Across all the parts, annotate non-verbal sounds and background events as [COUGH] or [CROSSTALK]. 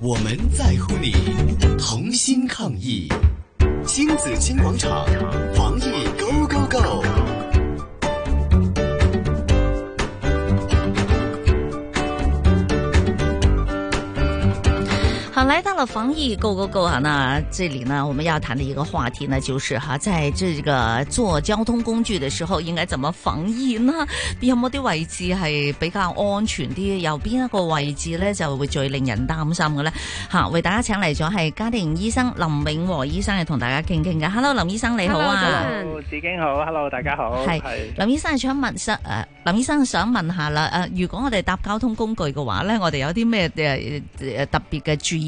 我們在乎你，同心抗疫。親子親廣場，防疫 Go Go Go。好，來到了防疫 Go Go Go 啊！那這裏呢，我們要談的一個話題呢，就是哈，在這個做交通工具的時候，應該怎麼防疫啦？有冇啲位置係比較安全啲？有邊一個位置呢就會最令人擔心嘅呢？哈，為大家請嚟咗係家庭醫生林永和醫生嚟同大家傾傾嘅。Hello，林醫生你好啊！Hello，, hello 子經好。Hello，大家好。係林醫生係想問室。誒，林醫生想問，生想問下啦誒，如果我哋搭交通工具嘅話呢，我哋有啲咩特別嘅注意？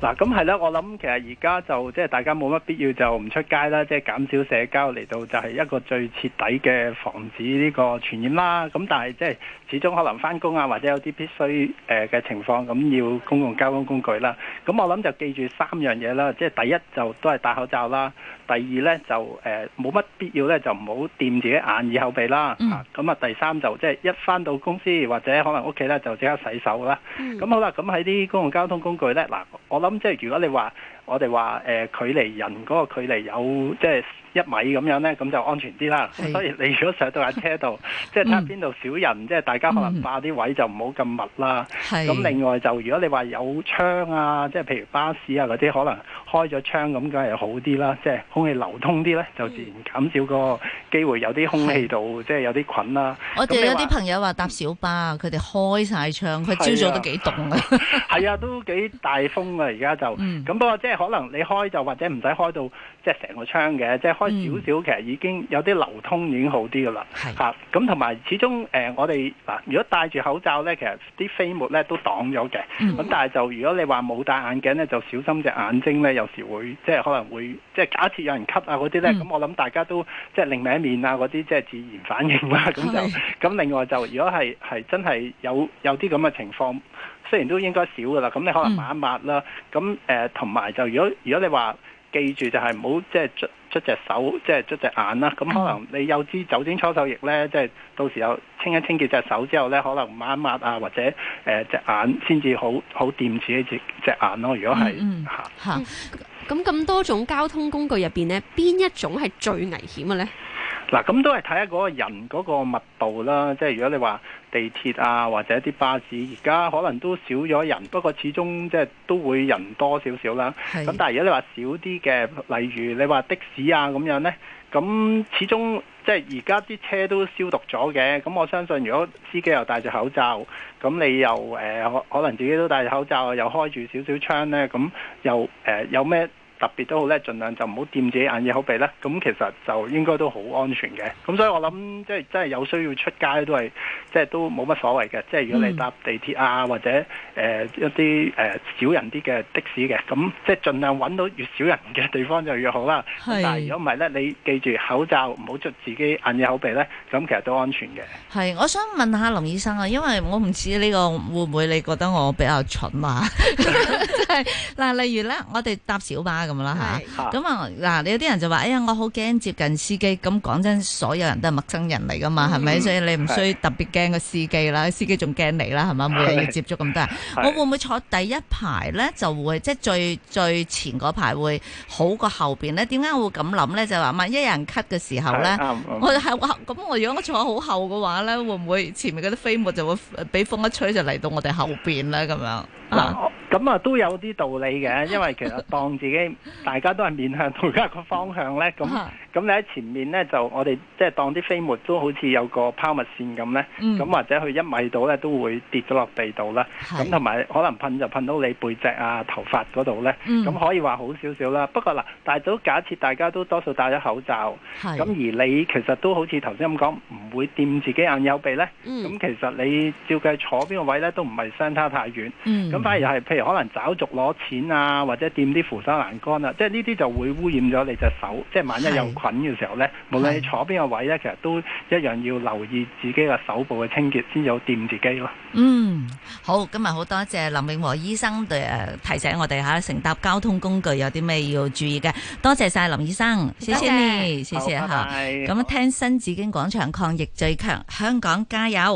嗱，咁係啦，我諗其實而家就即係大家冇乜必要就唔出街啦，即係減少社交嚟到就係一個最徹底嘅防止呢個傳染啦。咁但係即係始終可能翻工啊，或者有啲必須誒嘅情況，咁要公共交通工具啦。咁我諗就記住三樣嘢啦，即係第一就都係戴口罩啦。第二咧就誒冇乜必要咧就唔好掂自己眼耳口鼻啦。咁啊第三就即係一翻到公司或者可能屋企咧就即刻洗手啦。咁好啦，咁喺啲公共交通工具咧，嗱我諗。咁即係如果你話我哋話誒距離人嗰個距離有即係一米咁樣咧，咁就安全啲啦。是所以你如果上到架車度， [LAUGHS] 即係睇下邊度少人， [LAUGHS] 即係大家可能霸啲位就唔好咁密啦。咁是另外就如果你話有窗啊，即係譬如巴士啊嗰啲可能開咗窗咁，梗係好啲啦。即係空氣流通啲咧，就自然減少個 [LAUGHS] 機會有啲空氣度，即係有啲菌啦。我哋有啲朋友話搭小巴，佢哋開晒窗，佢朝早都幾凍啊。係啊，都幾大風啊！而家就咁，不過即係可能你開就或者唔使開到即係成個窗嘅，即係開少少，其實已經有啲流通已經好啲噶啦。係啊，咁同埋始終誒，我哋嗱，如果戴住口罩咧，其實啲飛沫咧都擋咗嘅。咁但係就如果你話冇戴眼鏡咧，就小心隻眼睛咧，有時會即係可能會即係假設有人吸啊嗰啲咧，咁我諗大家都即係另名面啊，嗰啲即係自然反應啦、啊，咁就咁。另外就如果係係真係有有啲咁嘅情況，雖然都應該少噶啦，咁你可能抹一抹啦。咁誒同埋就如果如果你話記住就係唔好即係捽捽隻手，即係捽隻眼啦、啊。咁可能你有支酒精搓手液咧，即係到時候清一清佢隻手之後咧，可能抹一抹啊，或者誒、呃、隻眼先至好好掂住呢隻隻眼咯、啊。如果係嚇嚇，咁咁、嗯嗯嗯、多種交通工具入邊咧，邊一種係最危險嘅咧？嗱，咁都係睇下嗰個人嗰個密度啦，即係如果你話地鐵啊或者啲巴士，而家可能都少咗人，不過始終即係都會人多少少啦。咁是但係如果你話少啲嘅，例如你話的士啊咁樣呢，咁始終即係而家啲車都消毒咗嘅，咁我相信如果司機又戴住口罩，咁你又誒、呃、可能自己都戴住口罩，又開住少少窗呢。咁又誒、呃、有咩？特別都好咧，儘量就唔好掂自己眼耳口鼻咧，咁其實就應該都好安全嘅。咁所以我諗，即係真係有需要出街都係，即係都冇乜所謂嘅。即係如果你搭地鐵啊，或者誒、呃、一啲誒少人啲嘅的，的士嘅，咁即係儘量揾到越少人嘅地方就越好啦。是但係如果唔係咧，你記住口罩唔好著自己眼耳口鼻咧，咁其實都安全嘅。係，我想問，問下林醫生啊，因為我唔知呢個會唔會你覺得我比較蠢啊？嘛？嗱，例如咧，我哋搭小巴。咁啦吓，咁 [NOISE] 啊嗱，啊你有啲人就話，哎呀，我好驚接近司機。咁講真，所有人都係陌生人嚟噶嘛，係咪？嗯？所以你唔需要特別驚個司機啦，的司機仲驚你啦，係咪？每日要接觸咁多人， [NOISE] 我會唔會坐第一排咧，就會即係最最前嗰排會好過後邊咧？點解我會咁諗咧？就話萬一有人咳嘅時候咧，的我係咁，我、嗯嗯、如果我坐好後嘅話咧，會唔會前面嗰啲飛沫就會俾風一吹就嚟到我哋後邊咧？咁樣啊？ [NOISE] [NOISE] [NOISE] 咁啊，都有啲道理嘅，因為其實當自己 [LAUGHS] 大家都係面向同一個方向咧，咁。咁你喺前面咧，就我哋即係當啲飛沫都好似有個拋物線咁咧，咁或者佢一米度咧都會跌咗落地度啦。咁同埋可能噴就噴到你背脊啊、頭髮嗰度咧，咁可以話好少少啦。不過嗱，大都假設大家都多數戴咗口罩，咁而你其實都好似頭先咁講，唔會掂自己眼、有鼻咧。咁其實你照計坐邊個位咧，都唔係相差太遠。咁反而係譬如可能找續攞錢啊，或者掂啲扶手欄杆啊，即係呢啲就會污染咗你隻手。即係萬一有緊嘅時候咧，無論你坐邊個位咧，其實都一樣要留意自己嘅手部嘅清潔，先有掂自己咯。嗯，好，今日好多謝林永和醫生對誒提醒我哋吓、啊，乘搭交通工具有啲咩要注意嘅。多謝晒林醫生，謝，謝謝你，謝謝吓。咁啊試，bye bye 聽新紫荊廣場抗疫最強，香港加油！